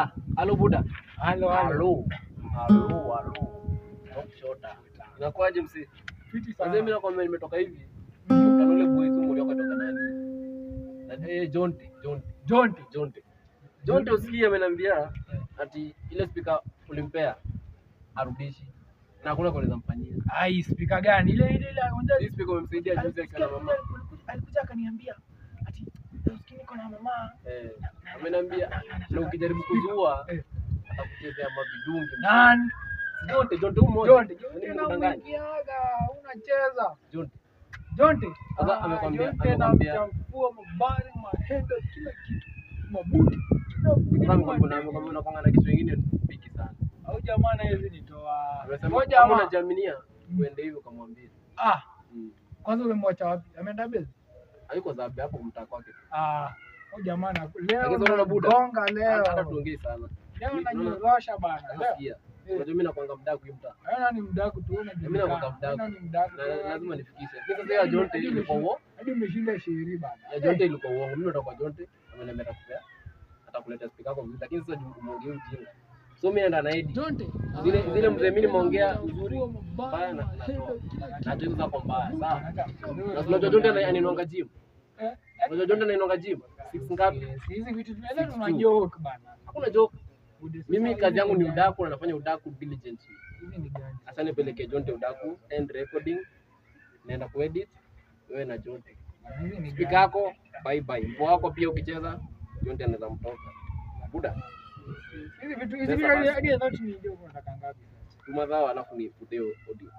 Ah, halo buda. Halo halo. Halo halo. Shota. Inakuaje msi? Fiti sana. Mimi na nakwambia nimetoka hivi. Kana ule boys mmoja akatoka nani? Na eh Jonte, Jonte. Jonte, Jonte. Jonte usikie ameniambia ati ile speaker ulimpea arudishi na kuna kwa nizamfanyia. Ai, speaker gani? Ile ile ile. Hii speaker umemsaidia Jonte kana mama. Alikuja akaniambia niko na mama. Eh. Ameniambia na ukijaribu kuzua atakuchezea mavidungi. Nani? Jonte, Jonte Jonte, unacheza. Jonte. Jonte. Ah, amekwambia amekwambia chafua mabari, mahendo, kila kitu. Mabuti. Unakwanga kitu kingine biki sana. Au jamaa na hizi nitoa. Moja ama unajaminia uende hivyo kamwambie. Ah. Mm. Kwanza umemwacha wapi? Ameenda base? Hayuko dhambi hapo kumtaka kwake. Ah, huyu jamaa leo gonga leo. Hata tuongee sana. Leo ananyorosha bana. Leo. Eh. Unajua mimi nakwanga mdaku huyu mtaka. Wewe ni mdaku tu wewe. Mimi nakwanga mdaku. Wewe mdaku. Lazima nifikishe. Kisa sasa Jonte ilikuwa uongo. Hadi umeshinda shairi bana. Ya Jonte ilikuwa uongo. Mimi natoka Jonte. Ameniambia atakupea. Atakuleta speaker kwa vizuri lakini sasa juu ujinga. So mimi ndo naidi. Zile zile ah, mzee mimi nimeongea uzuri mbaya na na tu zako mbaya. Sawa. Eh? Na unajua Jonte ananinonga gym. Unajua Jonte ananinonga gym. Six ngapi? Eh, hizi vitu tunaweza tuna bana. Hakuna joke. Mimi kazi yangu ni udaku na nafanya udaku diligently. Mimi ni gani? Sasa nipeleke Jonte udaku end recording. Naenda kuedit wewe na Jonte. Spika yako bye bye. Mpo wako pia ukicheza Jonte anaweza mtoka. Buda. Tuma dhao alafu nifute audio.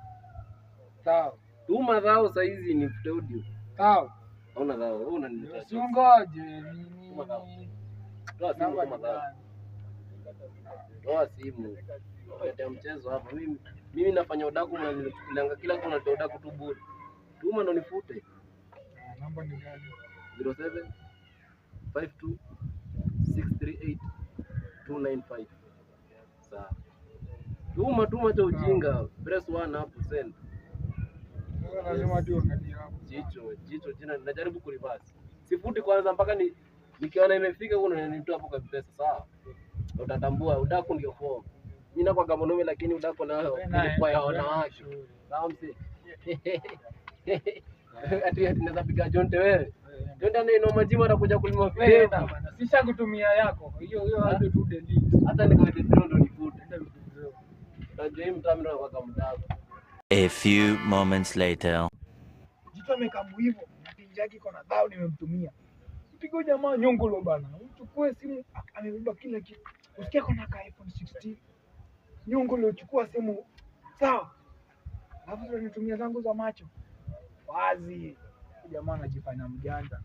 Sawa. Tuma dhao saizi nifute audio. Sawa. Hauna dhao, wewe unaniletea. Usingoje Toa simu kama mchezo hapa. Mimi mimi nafanya udaku unanichukulianga kila kitu unatoa udaku tu bure. Tuma ndo nifute. Namba ni gani? 07 52 638 295 sawa. Tuma tuma cha ujinga press 1 hapo send. Lazima Jicho jicho jina najaribu kulibasi sifuti kwanza mpaka ni nikiona imefika huko na nitoa hapo kwa pesa sawa. Utatambua udaku ndio form. Mimi na kwa gamonome lakini udaku nayo kwa ya wanawake. Sawa mzee. Ati ati piga jonte wewe. Jonte ndio ina majima atakuja kulima fedha kutumia yako hiyo hiyo, hadi tu delete. Hata nikwete drone ndo nivute. Unajua hii mtaa mimi kwa kamdaba A few moments later. jito amekabu hivyo, pinji yake iko na bao nimemtumia. Pigo jamaa nyongo lo bana. Uchukue simu amebeba kila kitu. Usikia kuna ka iPhone 16. Nyongo lo chukua simu. Sawa. Alafu ndio nitumia zangu za macho. Wazi. Jamaa anajifanya mjanja.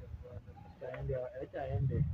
Aende aende.